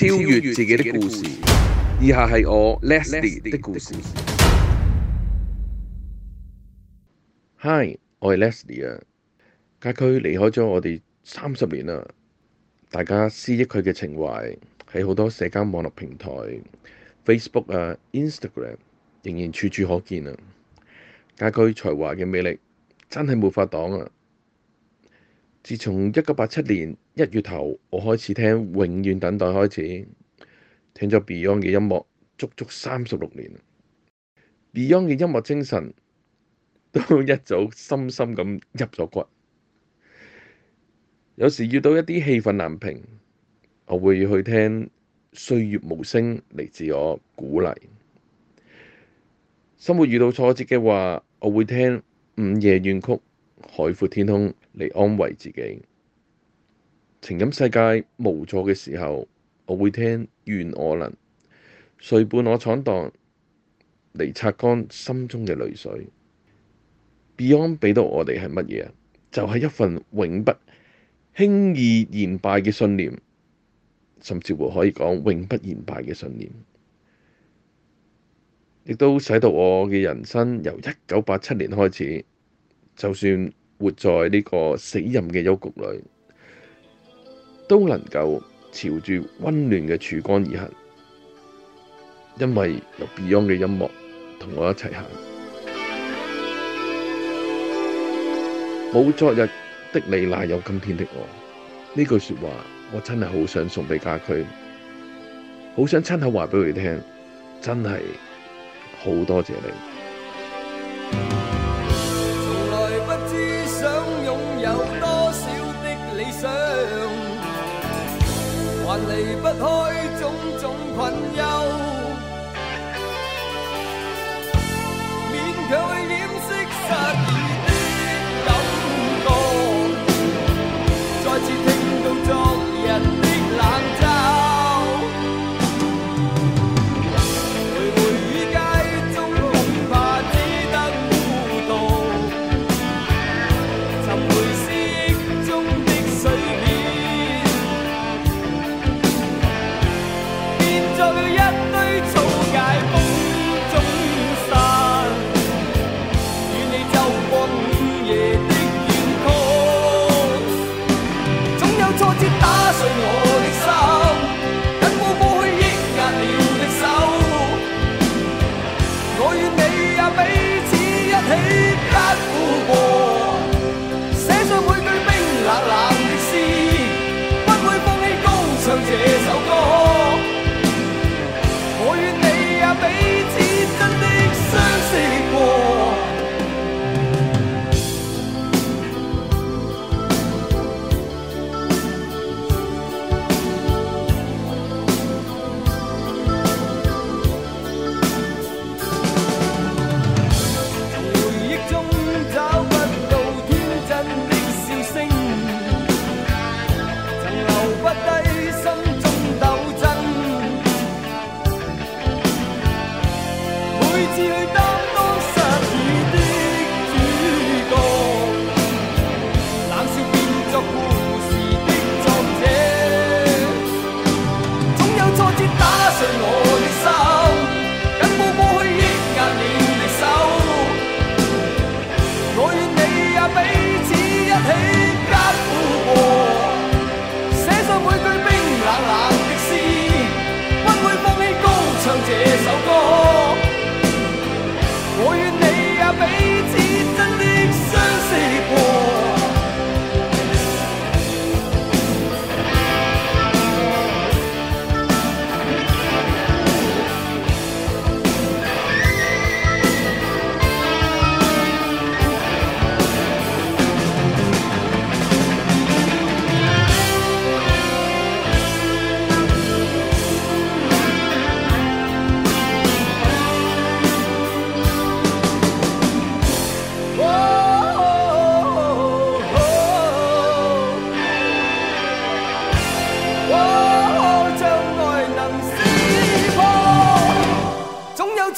超越自己的故事，以下係我 Leslie 的故事。Hi，我係 Leslie 啊。家駒離開咗我哋三十年啦，大家思憶佢嘅情懷喺好多社交網絡平台，Facebook 啊、Instagram 仍然處處可見啊。家駒才華嘅魅力真係冇法擋啊！自從一九八七年，一月頭，我開始聽《永遠等待》開始，聽咗 Beyond 嘅音樂足足三十六年，Beyond 嘅音樂精神都一早深深咁入咗骨。有時遇到一啲氣憤難平，我會去聽《歲月無聲》嚟自我鼓勵。生活遇到挫折嘅話，我會聽《午夜怨曲》、《海闊天空》嚟安慰自己。情感世界無助嘅時候，我會聽願我能誰伴我闖蕩，嚟擦乾心中嘅淚水。Beyond 俾到我哋係乜嘢？就係、是、一份永不輕易言敗嘅信念，甚至乎可以講永不言敗嘅信念，亦都使到我嘅人生由一九八七年開始，就算活在呢個死蔭嘅幽谷裏。都能夠朝住溫暖嘅曙光而行，因為有 Beyond 嘅音樂同我一齊行。冇 昨日的你，哪有今天的我。呢句說話，我真係好想送俾家駒，好想親口話俾佢聽，真係好多謝你。離不開。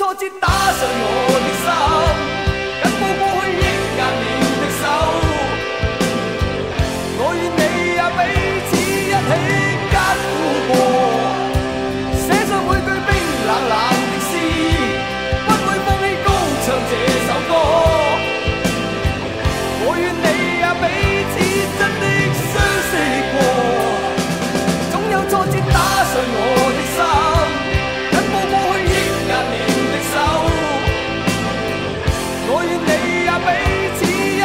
挫折打碎我的心。